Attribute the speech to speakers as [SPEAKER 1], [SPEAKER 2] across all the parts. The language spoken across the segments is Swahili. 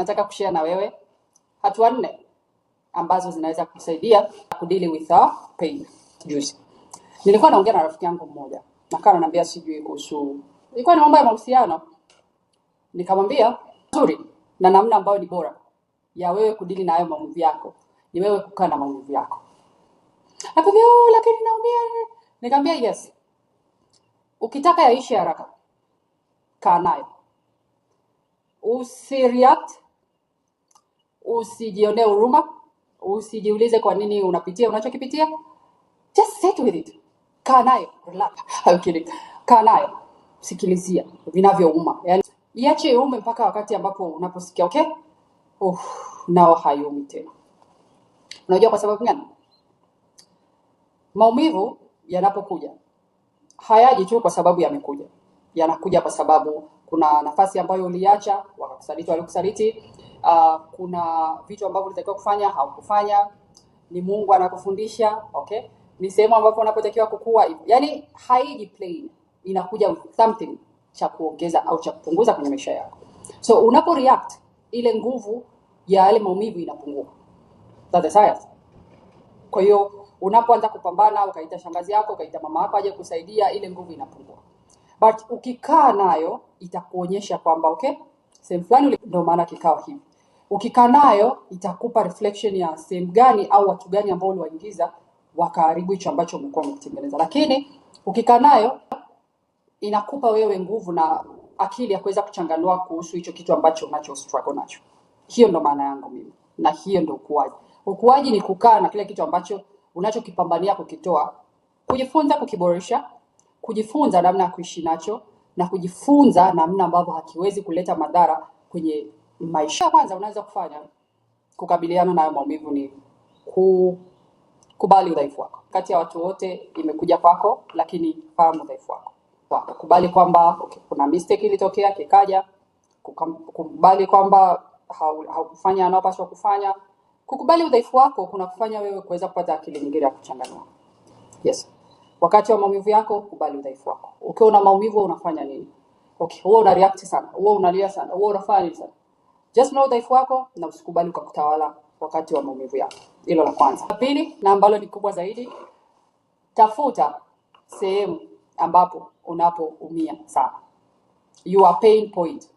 [SPEAKER 1] nataka kushare na wewe hatua nne ambazo zinaweza kusaidia kudili with our pain. Juzi nilikuwa naongea na rafiki yangu mmoja, nakaa ananiambia sijui kuhusu, ilikuwa ni mambo ya mahusiano. Nikamwambia nzuri na namna ambayo ni bora ya wewe kudili na hayo maumivu yako ni wewe kukaa na maumivu yako. Akambia oh, lakini naumia. Nikamwambia yes, ukitaka yaishi haraka, kaa nayo, usireact usijionee huruma, usijiulize kwa nini unapitia unachokipitia. Just sit with it, kaa relax. I'm kidding. sikilizia vinavyouma, yani iache ume mpaka wakati ambapo unaposikia okay, uh, nao haiumi tena. Unajua kwa sababu gani? Maumivu yanapokuja hayaji tu kwa sababu yamekuja, yanakuja kwa sababu kuna nafasi ambayo uliacha, wakakusaliti, walikusaliti uh, kuna vitu ambavyo ulitakiwa kufanya haukufanya, ni Mungu anakufundisha okay, ni sehemu ambapo unapotakiwa kukua hivyo. Yani haiji plain, inakuja something cha kuongeza au cha kupunguza kwenye maisha yako. So unapo react, ile nguvu ya yale maumivu inapungua. That's the science. Kwa hiyo unapoanza kupambana, ukaita shangazi yako, ukaita mama yako aje kusaidia, ile nguvu inapungua, but ukikaa nayo itakuonyesha kwamba okay, sehemu fulani, ndio maana kikao hivi Ukikaa nayo itakupa reflection ya sehemu gani au watu gani ambao uliwaingiza wakaharibu hicho ambacho umekuwa umekitengeneza, lakini ukikaa nayo inakupa wewe nguvu na akili ya kuweza kuchanganua kuhusu hicho kitu ambacho unacho struggle nacho. Hiyo ndo maana yangu mimi, na hiyo ndo ukuaji. Ukuaji ni kukaa na kile kitu ambacho unachokipambania kukitoa, kujifunza kukiboresha, kujifunza namna ya kuishi nacho na kujifunza namna ambavyo hakiwezi kuleta madhara kwenye maisha. Kwanza unaweza kufanya kukabiliana nayo maumivu ni kukubali udhaifu wako. Kati ya watu wote imekuja kwako, lakini fahamu udhaifu wako wako. Kubali kwamba okay, kuna mistake ilitokea kikaja, kukubali kwamba haukufanya anayopaswa kufanya. Kukubali udhaifu wako kuna kufanya wewe kuweza kupata akili nyingine ya kuchanganua. Yes. Wakati wa maumivu yako kubali udhaifu wako. Ukiwa okay, una maumivu unafanya nini? Okay, wewe una react sana, wewe unalia sana, wewe unafanya nini sana? Just know udhaifu wako na usikubali kwa kutawala wakati wa maumivu yako. Hilo la kwanza. La pili na ambalo ni kubwa zaidi, tafuta sehemu ambapo unapoumia sana. You are pain point.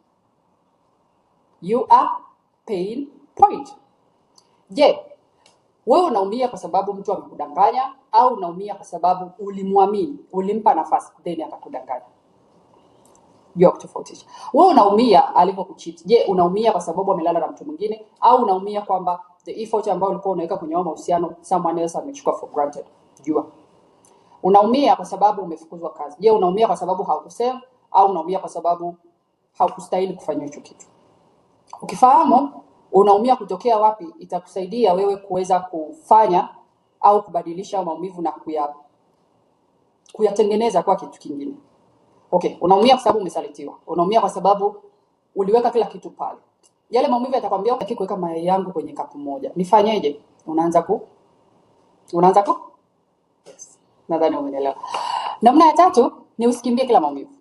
[SPEAKER 1] You are pain point. Je, wewe unaumia kwa sababu mtu amekudanganya au unaumia kwa sababu ulimwamini, ulimpa nafasi then akakudanganya? jua kutofautisha. Wewe unaumia alipokuchit. Je, unaumia kwa sababu amelala na mtu mwingine au unaumia kwamba the effort ambayo ulikuwa unaweka kwenye wao mahusiano someone else amechukua for granted? Jua. Unaumia kwa sababu umefukuzwa kazi. Je, unaumia kwa sababu haukusema au unaumia kwa sababu haukustahili kufanya hicho kitu? Ukifahamu unaumia kutokea wapi, itakusaidia wewe kuweza kufanya au kubadilisha maumivu na kuya kuyatengeneza kwa kitu kingine. Okay, unaumia kwa sababu umesalitiwa. Unaumia kwa sababu uliweka kila kitu pale. Yale maumivu yatakwambia utaki kuweka mayai yangu kwenye kapu moja. Nifanyeje? Unaanza ku Unaanza ku Yes. Nadhani umeelewa. Namna ya tatu ni usikimbie kila maumivu.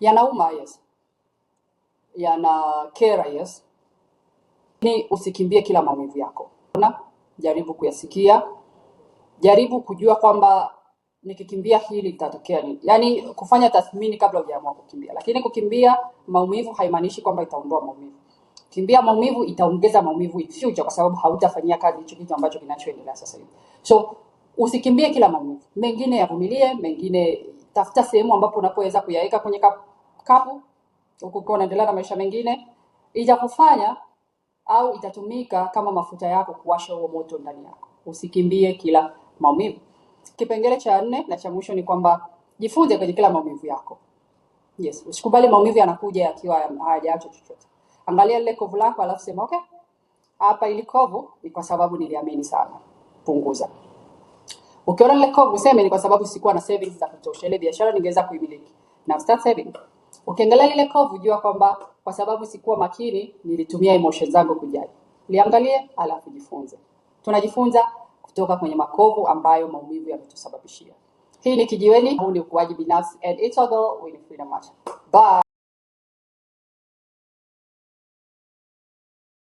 [SPEAKER 1] Yanauma, yes. Yana kera, yes. Ni usikimbie kila maumivu yako. Una jaribu kuyasikia. Jaribu kujua kwamba nikikimbia hili litatokea nini, yaani kufanya tathmini kabla hujaamua kukimbia. Lakini kukimbia maumivu haimaanishi kwamba itaondoa maumivu. Kimbia maumivu itaongeza maumivu in future, kwa sababu hautafanyia kazi hicho kitu ambacho kinachoendelea sasa hivi. So usikimbie kila maumivu, mengine yavumilie, mengine tafuta sehemu ambapo unapoweza kuyaweka kwenye kap, kapu huku ukiwa unaendelea na maisha mengine, itakufanya au itatumika kama mafuta yako kuwasha huo moto ndani yako. Usikimbie kila maumivu. Kipengele cha nne na cha mwisho ni kwamba jifunze kwenye kila maumivu yako. Yes, usikubali maumivu yanakuja yakiwa hayajaacha chochote. Angalia lile kovu lako alafu sema okay, hapa ili kovu ni kwa sababu niliamini sana. Punguza. Ukiona lile kovu useme ni kwa sababu sikuwa na savings za kutosha, ile biashara ningeweza kuimiliki. na start saving. Ukiangalia lile kovu jua kwamba kwa sababu sikuwa makini nilitumia emotions zangu kujali. Liangalie alafu jifunze. Tunajifunza kutoka kwenye makovu ambayo maumivu yametusababishia. Hii ni Kijiweni, huu ni ukuaji binafsi, and it's all with freedom march. Bye.